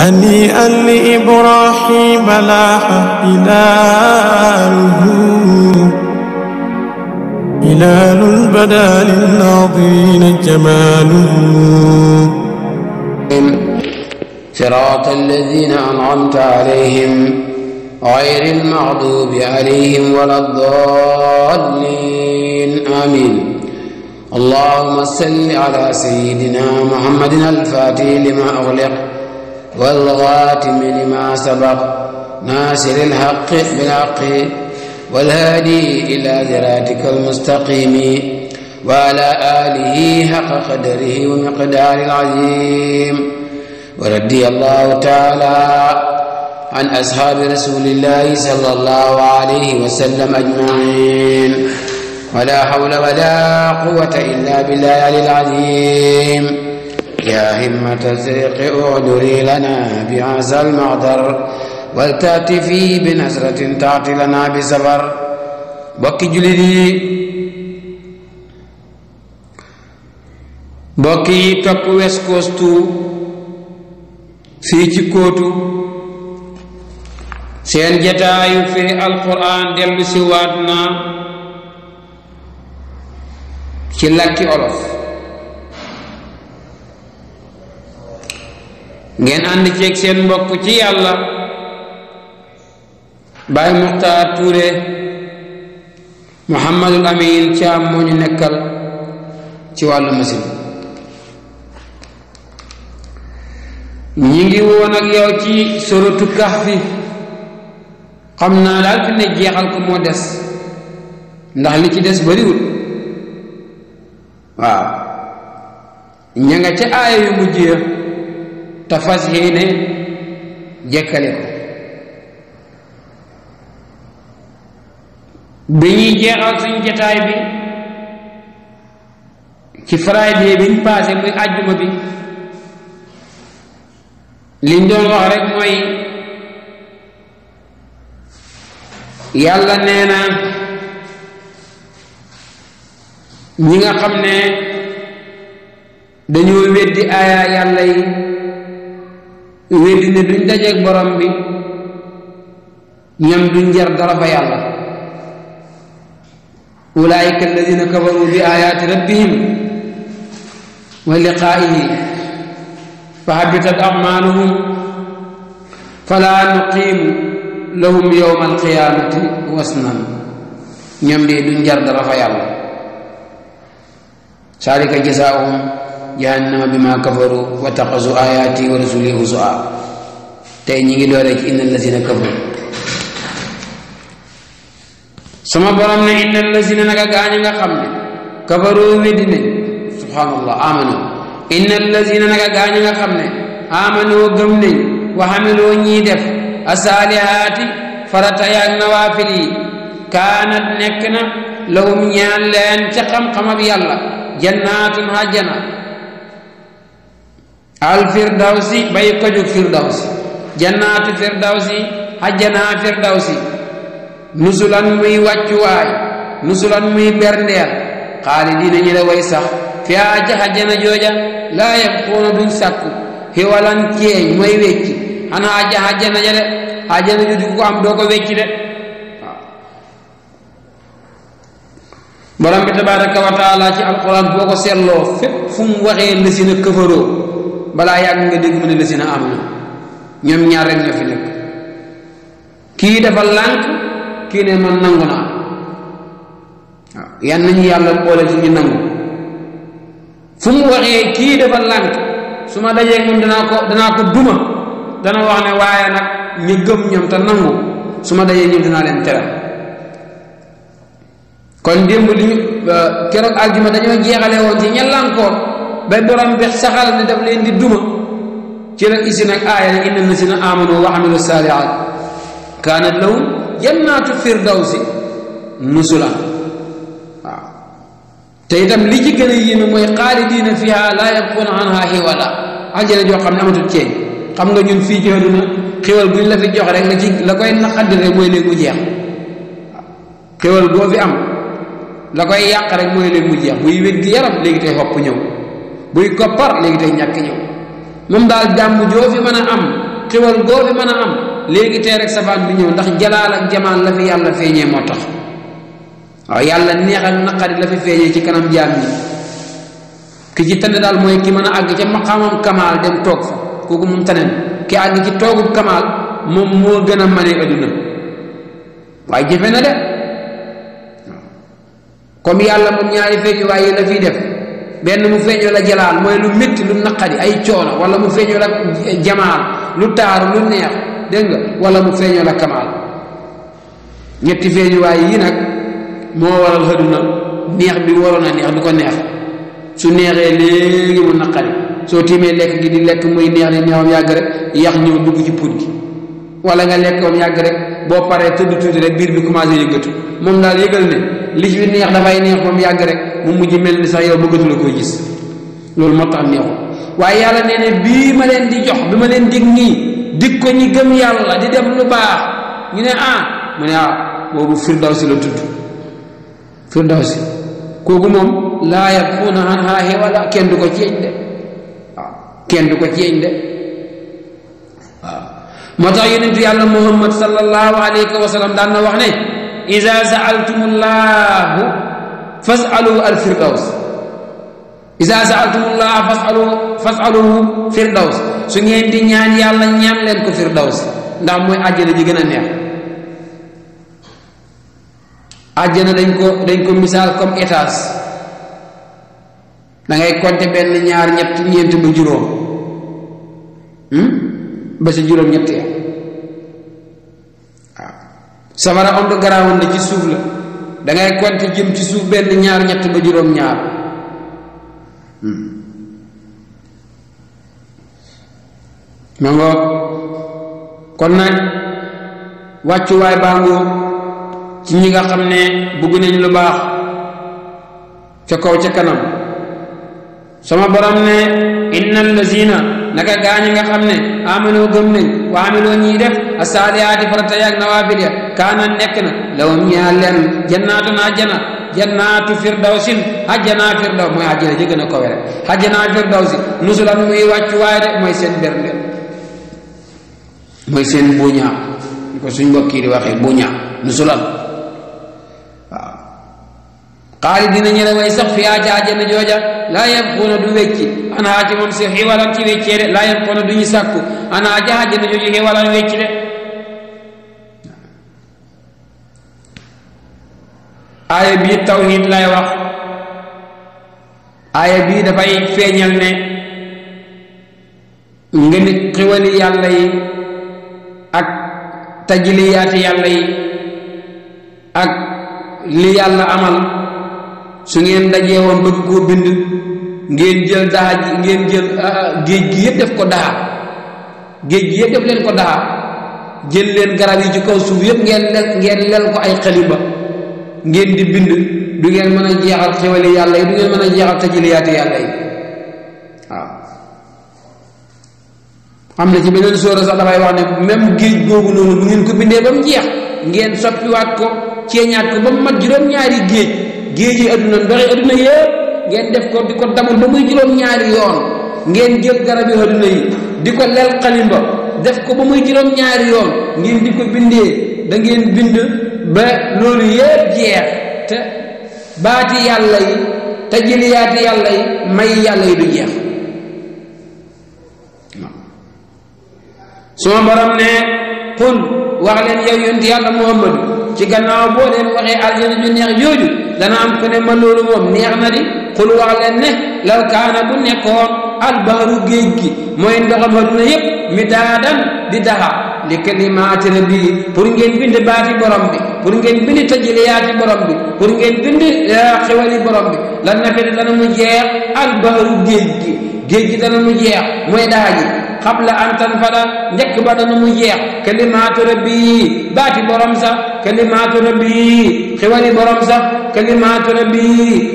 هنيئا لإبراهيم لاح هلاله هلال بدا للناظرين جماله صراط الذين أنعمت عليهم غير المغضوب عليهم ولا الضالين آمين اللهم صل على سيدنا محمد الفاتح لما أغلق والغاتم لما سبق ناصر الحق بالحق والهادي إلى ذراتك المستقيم وعلى آله حق قدره ومقدار العظيم وردي الله تعالى عن أصحاب رسول الله صلى الله عليه وسلم أجمعين ولا حول ولا قوة إلا بالله العلي العظيم يا همة زيق اعذري لنا بعزى المعذر ولتأتي فيه بنزرة تعطي لنا بسفر bokki jullit yi bokk yi topp West Coast ci kóotu seen jataayu firi alquran dellu si waat ci làkki olof ngeen ànd ceeg seen mbokk ci yàlla Baay Muxtaar Tuure Muhammadul Amin Caam moo ñu nekkal ci wàllu masin ñi ngi woon ak yow ci sorotu Kahfi xam naa daal fi ne jeexal ko moo des ndax li ci des bariwul waaw ña nga ca aaya mujj ya te fas yéene jekkale ko dañuy jeexal suñ jataay bi ci friday biñ passé muy àjjuma bi liñ doon wax rek mooy yàlla nee na ñi nga xam ne dañoo weddi aaya yàlla yi wedd ne duñ dajeeg borom bi ñoom duñ jar dara fa yàlla ulaayika alladina kafaru bi ayaati rabbihim wa liqaa'ihi fa habitat amaaluhum fala nuqiimu lahum yowma alqiyaamati wasnan ñoom de duñ jar dara fa yàlla saalika jasaahum جهنم بما كفروا واتخذوا آياتي ورسولي هزءا تاي نيغي دوري ان الذين كفروا سما برام ان الذين نكا غاني نغا خامني كفروا مدينه سبحان الله امنوا ان الذين نكا غاني نغا خامني امنوا غمني وحملوا ني ديف الصالحات فرتا يا نوافل كانت نكنا لهم نيان لين تخم خم بي الله جنات هاجنا al firdawsi bay koju firdawsi jannaatu firdawsi ajjanaa firdawsi nusulan muy wàccuwaay nusulan muy berndeel xaalidiina ñi la way sax fi a ca ajjana jooja laa yabquuna duñ sàkku xiwalan ceeñ mooy wecci xanaa aja ajjana ja de ajjana ju du ko am doo ko wecci de waaw borom bi tabaraka wa taala ci alquran boo ko seetloo fépp fu mu waxee lësina këfaroo balaa yàgg nga dégg mu ne la am na ñoom ñaar rek ñoo fi nekk kii dafa lànk kii ne man nangu naa waaw yan nañu yàlla boole ci ñu nangu fu mu waxee kii dafa lànk su ma dajee moom danaa danaa wax ne waaye nag ñu nangu su ma dajee ñoom leen teral kon démb li ñu keroog aljuma dañoo jeexale woon ci ña lànkoon ba borom bi saxal ne daf leen di duma ci la isi nag aaya ne inna lazina amanu wa amilu salihat kaanat lahum jannaatu firdawsi nusula waaw te itam li ci gën a yéeme mooy xaalidiina fiha laa yabxuuna anha xiwala aljana joo xam ne amatul ceeñ xam nga ñun fii ci àdduna xéwal bu ñu la fi jox rek la ci la koy naqadi rek mooy léegi mu jeex xéwal boo fi am la koy yàq rek mooy léegi mu jeex buy wér gi yaram léegi tey xopp ñëw buy ko par tey tay ñak ñew daal dal am xewal govi mana am léegi tay rek safaan bi ñew ndax jalaal ak jamaal la fi yalla feñe mo tax wa yalla neex ak naqari la fi feñe ci kanam jaam ñi ki ci tane dal moy ki mën ag ci maqamam kamal dem tok fa kooku mum taneen ki ag ci togu kamal mom mo gëna mané mane adduna jëfé na de comme yalla mom ñaari feñu la fi def benn mu feeñoo la jalaal mooy lu métti lu naqari ay coono wala mu feeñoo la jamaal lu taaru lu neex dégg nga wala mu feeñoo la kamaal ñetti feeñuwaay yii nag moo waral xëduna neex bi waroon a neex du ko neex su neexee léegi mu naqari soo tiimee lekk gi di lekk muy neex ne neexam yàgg rek yax ñëw dugg ci put gi wala nga lekk am yàgg rek boo paree tëdd tuuti rek biir bi commencé yëngatu moom daal yëgal ne li ci neex dafay neex moom yàgg rek mu mujj mel ni sax yow bëggatula koy gis loolu moo tax neexul waaye yàlla nee ne bii ma leen di jox bi ma leen dig nii dig ko ñi gëm yàlla di def lu baax ñu ne ah mu ne ah boobu firdawsi la tudd firdawsi kooku moom laa yabxuuna anhaa hiwala kenn du ko ceeñ de waaw kenn du ko ceeñ de waaw moo tax yonentu yàlla muhammad sallallahu alayhi wa sallam daan na wax ne iza saaltumullaahu fasalu al firdaws isa saaltumullah fasalu fasaluhu firdaws su ngeen ñaan yàlla ñaan leen ko firdaws ndax mooy àjjana ji gën a neex àjjana dañ ko dañ ko misaal comme étage da ngay benn ñaar ñett ñeent ba juróom hmm? ba si juróom ñett ya waaw safara ond garaawoon na ci suuf la da ngay konte jëm ci su benn ñaar ñett ba juróom-ñaar hmm. ma ngoo kon nag wàccuwaay baa ngoo ci ñi nga xam ne bëgg nañ lu baax ca kaw ca kanam sama borom ne inna allazina naka gaañ nga xam ne amano gëm nañ wa amiloo ñii def asaalihaati farata yaak nawaafil ya kaana nekk na lawum ñaa leen jannaatun àjjana jannaatu firdawsin àjjana firdaw mooy àjjana ji gën a kowe rek àjjana firdawsi nusulan muy wàccu waay rek mooy seen bernde mooy seen buñaa ko suñ mbokk yi di waxee buñaa nusulan xaalidina ñu ne way sax fiyaa ca àjjana jooja laa yabquuna du wecci anaa ci moom si xiwalan ci weccee jooja xiwalan wecci de aaya bii tawhid lay wax aaya dafay feeñal ne nga xiwali yàlla yi ak tajliyaati yàlla yi ak li yàlla amal su ngeen dajee woon bëgg koo bind ngeen jël daha ngeen jël ah, ah, géej gi yëpp def ko daa géej gi yëpp def leen ko daa jël leen garab yi ci kaw suuf yépp ngeen lel ngeen lel ko ay xalima ngeen di bind du ngeen mën a jeexal xewali yàlla yi du ngeen mën a jeexal tajiliyaati yàlla yi waaw xam ne ci beneen soora sax dafay wax ne même géej googu noonu bu ngeen ko bindee ba mu jeex ngeen soppiwaat ko ceeñaat ko ba mu mat juróom-ñaari géej géeji aduna ndoxi aduna yëpp ngeen def ko diko ko damul ba muy juróom ñaari yoon ngeen jël yi aduna yi diko lel khalimba def ko ba muy juróom ñaari yoon ngeen diko ko da ngeen bind ba loolu yëpp jeex te baati yàlla yi te jëliyaati yàlla yi may yàlla yi du jeex suma borom ne qul wax leen yow yonti yàlla muhammadu ci gannaaw boo leen waxee aljana ju neex jooju dana am ku ne ma loolu moom neex na di xul wax leen ne law kaana bu nekkoon albahru géej gi mooy ndoxam aduna yëpp mi daadan di daxa li kalimaati rabbi pour ngeen bind baati borom bi pour ngeen bind tajiliyaati borom bi pour ngeen bind eh, xewali borom bi lan na fi dana mu jeex albahru géej gi géej dana mu jeex mooy daxa ji xabla an tanfada njëkk ba dana mu jeex kalimaatu rabbi baati borom sax kalimaatu rabbi xewali borom sax kalimaatu rabbi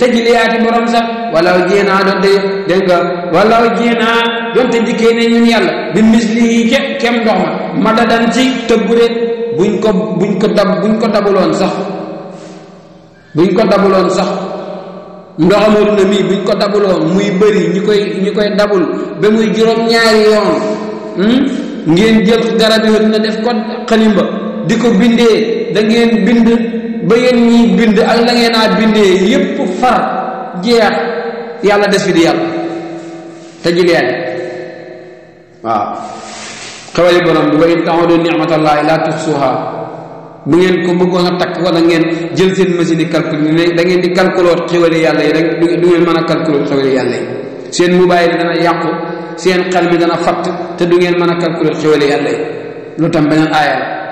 tajliyaati borom sax walaw jiinaa donte dégg nga walaw jiinaa donte dikkee ne ñun yàlla bi mislihi ke kem dong, ma madadan ci tëbbure buñ ko buñ ko dab buñ ko dabuloon sax buñ ko dabuloon sax ndoxamu na mii buñ ko dabuloon muy bëri ñi koy ñi dabul ba muy juróom ñaari yoon ngeen jël garab yoon na def ko xalimba di ko da ngeen bind ba yéen ñiy bind ak na ngeen bindee yépp far jeex yàlla des fi di yàlla te ji leen waaw xewali borom bi wa in taxudu nicmatallahi laa tuxsuha bu ngeen ko bëggoon a takk wala ngeen jël seen machine yi calcul da ngeen di calculoot xewali yàlla yi rek du ngeen mën a calculoot xewali yàlla yi seen mobile bi dana yàqu seen xel mi dana fatt te du ngeen mën a calculoot xewali yàlla yi lu tam ba aaya la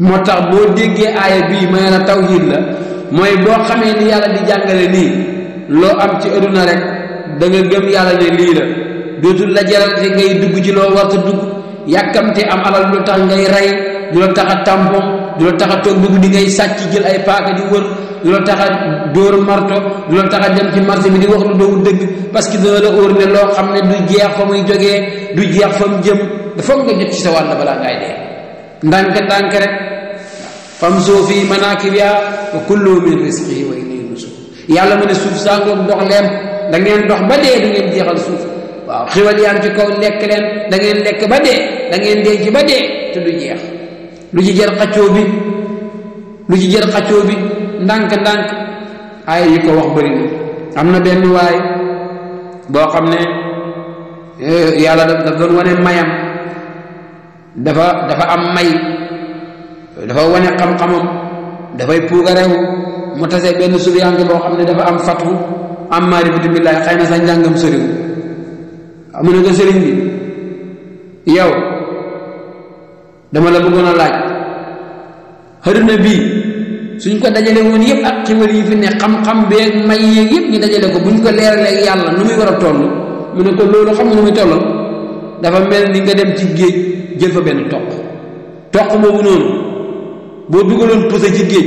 moo tax boo déggee aaya bii ma ne la tawhid la mooy boo xamee ni yàlla di jàngale nii loo am ci na rek da nga gëm yàlla ne lii la dootul la jaral te ngay dugg ci loo warta dugg yàkkamte am alal du la tax ngay rey du la tax a tampon du la tax a toog dugg di ngay sàcc jël ay paaka di wër du la tax a dóor marto du la tax a dem ci marché bi di wax lu doowu dëgg parce que dana la óor ne loo xam ne du jeex fa muy jógee du jeex fa mu jëm dafa nga jot ci sa wàll balaa ngay dee ndànk ndànk famso fii manakibiha wa kullu min risqihi wa ilayhi nusur yàlla mu ne suuf sàngoog dox leen da dox ba dee du ngeen jeexal suuf waaw xiwal yaa ngi ci kaw lekk leen da ngeen lekk ba dee da ngeen dee ci ba dee te du jeex lu ci jar xaccoo bi lu ci jar xaccoo bi ndànk-ndànk ay yi ko wax bëri na am na benn waay boo xam ne yàlla daf doon wane mayam dafa dafa am may dafa wane xam-xamam dafay puugarewu mu tase benn subiyanke boo xam ne dafa am fatwu am maarifatu billaahi xay na sa njàngam sëriñ amu ne ko sëriñ bi yow dama la bëggoon a laaj xaruna bii suñ ko dajale woon yëpp ak xiwal yi fi ne xam-xam beeg may yeeg yëpp ñu dajale ko buñ ko leeralee yàlla nu muy war a toll mu ne ko loolu xam nga nu muy tollal dafa mel ni nga dem ci géej jël fa benn toq toq boobu noonu boo dugaloon pusa ci géej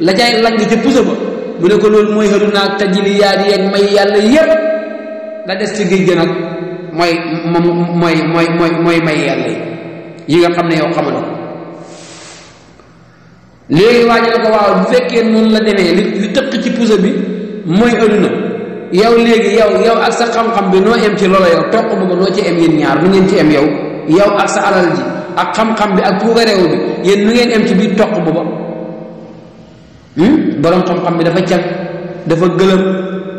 la cay lang ca pusa ba mu ne ko loolu mooy xëdu naag tajiliyaat yeeg may yàlla yépp la des ci géej gi nag mooy moom mooy mooy mooy may yàlla yi yi nga xam ne yow xamaloo léegi waa ji ne ko waaw bu fekkee noonu la demee li li tëq ci pusa bi mooy aduna yow léegi yow yow ak sa xam-xam bi noo em ci loola yow toq bu ko noo ci em yéen ñaar lu ngeen ci em yow yow ak sa alal ji ak xam-xam bi ak puukareewu bi yéen nu ngeen am ci biir toq booba hmm? borom xam-xam bi dafa cag dafa gëlëm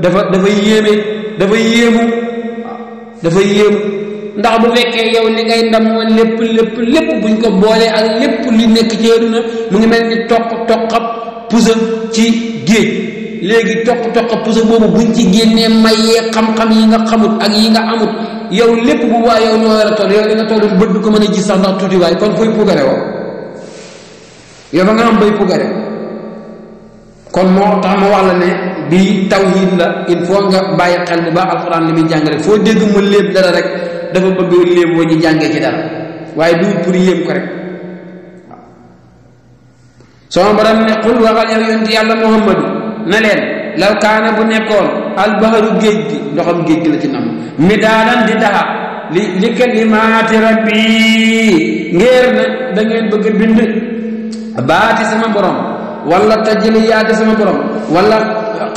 dafa dafa yéeme dafa yéemu dafa yéemu ndax bu fekkee yow li ngay ndam moom lépp lépp lépp buñ ko boolee ak lépp li nekk ci aduna mu ngi mel ni toq toqab pusa ci géej léegi toq toqab pusa boobu buñ ci génnee mayee xam-xam yi nga xamut ak yi nga amut yow lepp bu wa yow ñoo war a yow dina nga bëdd ko mëna a gis sax ndax tuti way kon koy pugare woo yow nga am bay pugare kon mo tax ma wax ne bi tawhid la il faut nga baye xel bu ba alquran limi muy jàng rek foo dégg mu lepp dara rek dafa bëgg lepp wo ñu jangé ci dara waye du pour yëm ko rek sama borom ne qul wa yow yunti yalla muhammad na len law kaana bu nekkol albaharu géej gi ndoxam géej gi la ci nam midaadan di daha li li kalimaati rabbi ngir na da ngeen bëgg a bind baati sama borom wala tajliyaati sama borom wala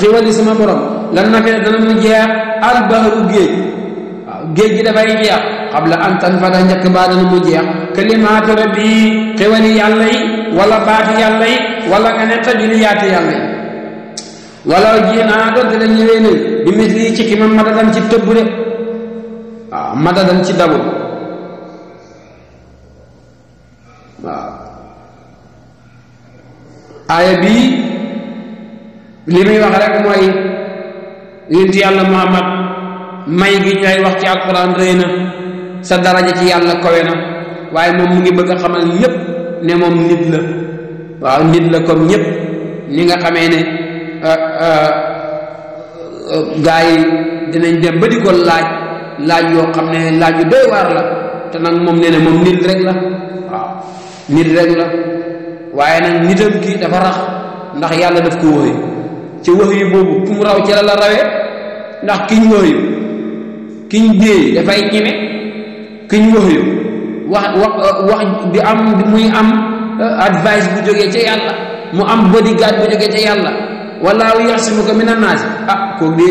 xiwali sama borom lan na fee dana mu jeex albaharu géej waaw géej gi dafay jeex xabla an tanfada njëkk baa dana mu jeex kalimaati rabbi xiwali yàlla yi wala baati yàlla yi wala nga ne tajliyaati yàlla yi walaw ji naa donte la ñëwee nañ bi mis lii ci ki ma madadan ci tëbb de waaw madadan ci dabu waaw aaya bii li muy wax rek mooy yonent yàlla muhammad may gi ñooy wax ci alquran rëy na sa daraja ci yàlla kowe na waaye moom mu ngi bëgg a xamal ñépp ne moom nit la waaw nit la comme ñépp ni nga xamee ne gaa yi dinañ dem ba di ko laaj laaj yoo xam ne laaj yu doy waar la te nag moom nee moom nit rek la waaw nit rek la waaye nag nitam gi dafa rax ndax yàlla daf ko wóoyu ci wax yu boobu ku raw ci la la rawee ndax kiñ wóoyu kiñ déey dafay ñeme kiñ wóoyu wax wax wax di am muy am advice bu jógee ci yàlla mu am bodyguard bu jógee ca yàlla wala yaxsimuka minan nas ah ko de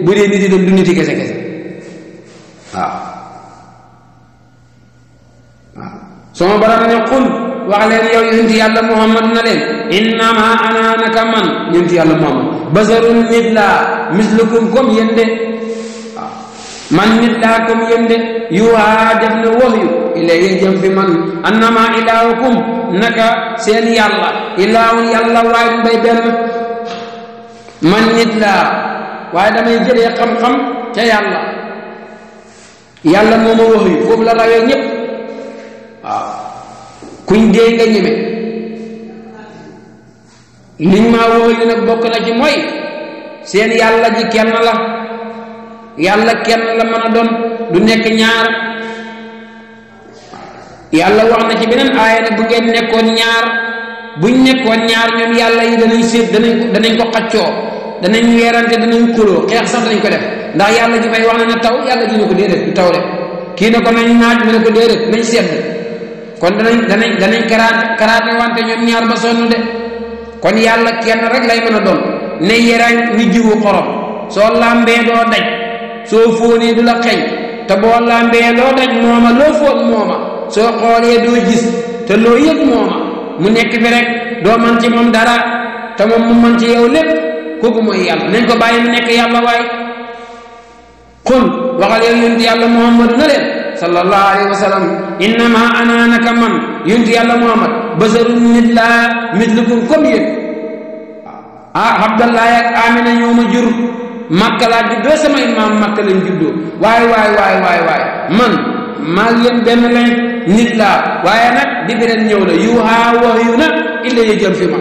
bu de nit dem du nit kesse kesse waaw waaw sama barana ne qul wa yunti yalla muhammad nale inna ma ana naka man yonent muhammad basarun nidla mislukum kum yende ah. man nidla kum yende. yéen de wahyu def na fi man annama ilahukum naka sen yalla ilaahun yalla bay ben man nit laa waaye damay jëlee xam-xam ca yàlla yàlla moo ma wax yu foofu la rawee ñëpp waaw kuñ dee nga ñeme liñ maa wax yu nag bokk na ci mooy seen yàlla ji kenn la yàlla kenn la mën a doon du nekk ñaar yàlla wax na ci beneen aaya bu ngeen nekkoon ñaar buñ nekkoon ñaar ñoom yàlla yi danañ séet danañ danañ ko xaccoo danañ weerante danañ kuloo xeex sax ko def ndax yàlla ji may wax na taw yàlla ji ne ko déedéet du taw de kii na ko nañ naaj mu ne ko déedéet nañ sedd kon danañ danañ danañ karaat karaate wante ñoom ñaar ba sonn de kon yàlla kenn rek lay mën a doon ne yerañ ñu jiwu xorom soo làmbee doo daj soo fóonee du la xeñ te boo làmbee loo daj mooma loo fóon mooma soo xoolee doo gis te loo yëg mooma mu nekk fi doo man ci moom dara ta moom mu man ci yow kooku mooy yàlla nañ ko bàyyi mu nekk yàlla waaye xul waxal yow yonent yàlla muhammad na leen sallallahu alayhi wa sallam innama ana naka man yonent yàlla muhammad basarun nit laa mislukum comme yéen ah, ah abdallahi ak amina ñoo ma jur màkka laa juddoo sama imaam màkka lañ juddoo waay waay waay waay man maa ngi yéen nit laa waaye nag di beneen ñëw la yu haa wax yu illa ya fi ma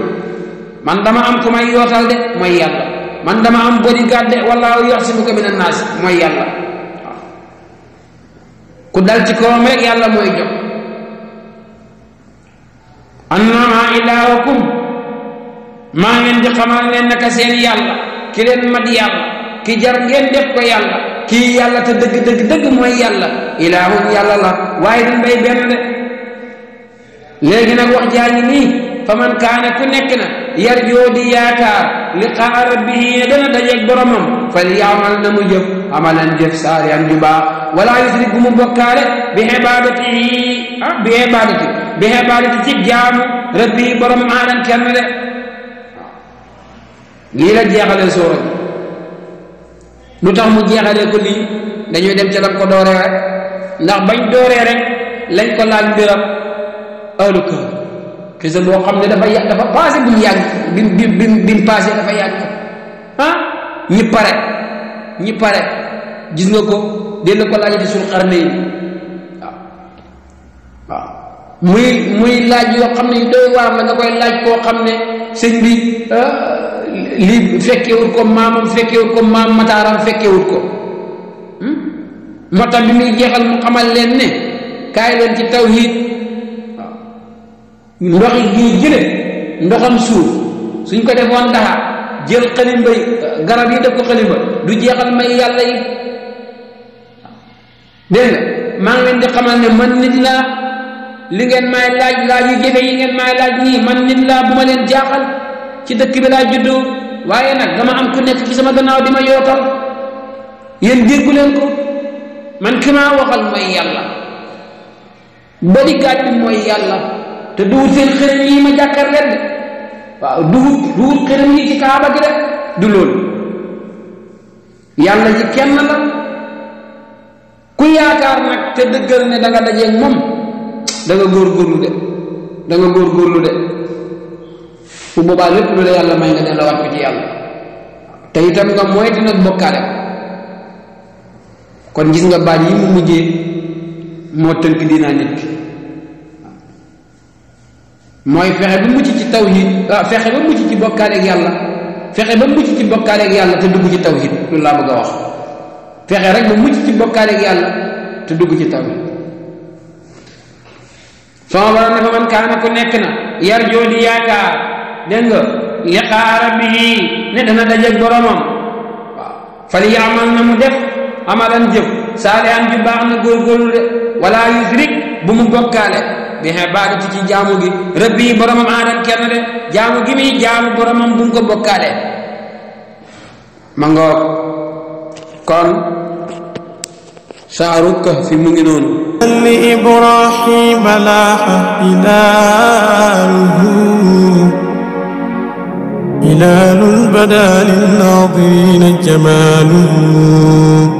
man dama am ku may yootal de mooy yàlla man dama am bodyguard de wallaahu yuhsibuka mina naas mooy yàlla ku dal ci kawam yàlla mooy jox annama ilaahukum maa ngeen di xamal ne seen yàlla ki leen mat yàlla ki jar ngeen def ko yàlla kii yàlla te dëgg dëgg dëgg mooy yàlla ilaahum yàlla la waaye duñ bay benn de léegi nag wax jaa nii fa man kaane ku nekk na yarjoo di yaakaar liqaa rabbihi dana dajeeg boromam fal yaamal na mu jëf amalan jëf saalihan ju baax wala yusrik bu mu bokkaale bi ibaadatihi ah bi ibaadati bi ibaadati ci jaamu rabbihi boromam aanan kenn de lii la jeexalee suura bi tax mu jeexalee ko lii dañuy dem ca lam ko ndax bañ dooree lañ ko laaj mbiram ahlu kahf prison boo xam ne dafa yà dafa passé bu mu yàgg bi bi bi bi mu passé dafa yàgg ah ñi pare ñi pare gis nga ko dina ko laajati suñu xarne yi waaw muy muy laaj yoo xam ne yu doy la nga koy laaj koo xam ne sëñ bi ah, lii fekkewut ko maamam fekkewut ko maam mataaram fekkewut ko hmm? moo tax bi muy jeexal mu xamal leen ne kaay leen ci tawhid ndoxi gii jële ndoxam suuf suñ ko defoon daxa jël xalimba garab yi def ko xalimba du jeexal may yàlla yi dégg maa ngi leen di xamal ne man nit laa li ngeen maay laaj laaj yu jafe yi ngeen maay laaj nii man nit laa bu ma leen jaaxal ci dëkk bi laa juddoo waaye nag dama am ku nekk ci sama gannaaw di ma yootal yéen déggu leen ko man ki maa waxal mooy yàlla bari gàtt mooy yàlla te duwut seen xërëm yi ma jàkkar de waaw duwut duwut xërëm yi ci kaaba gi de du loolu yàlla ji kenn la ku yaakaar nag te dëggal ne danga nga dajeeg moom da góor góorgóorlu de da nga góorgóorlu de bu boobaa lépp lu la yàlla may nga delloowaat ko ci yàlla te itam nga mooy nag bokkaale kon gis nga baat yi mu mujjee moo tënk dinaa nit ki mooy fexe ba mucc ci taw waaw fexe ba mucc ci bokkaale yàlla fexe ba mucc ci bokkaale yàlla te dugg ci tawhid loolu laa bëgg a wax fexe rek ba mucc ci bokkaale ak yàlla te dugg ci tawhid sama borom ne fa man kaana ku nekk na yar joo di yaakaar dégg nga liqaa rabbihi ne dana dajeeg boromam waaw fali yaamal na mu def amalan jëf saalihan ju baax na góorgóorlu de wala yusrik bu mu bokkaale bi ibaadati ci jaamu gi rabbi boromam aadam kenn de jaamu gi muy jaamu boromam bu ko bokkaale ma ngoog kon saaru kahfi mu ngi noonu li ibrahima laaxa ilaaluhu هلال البدا للناظرين جماله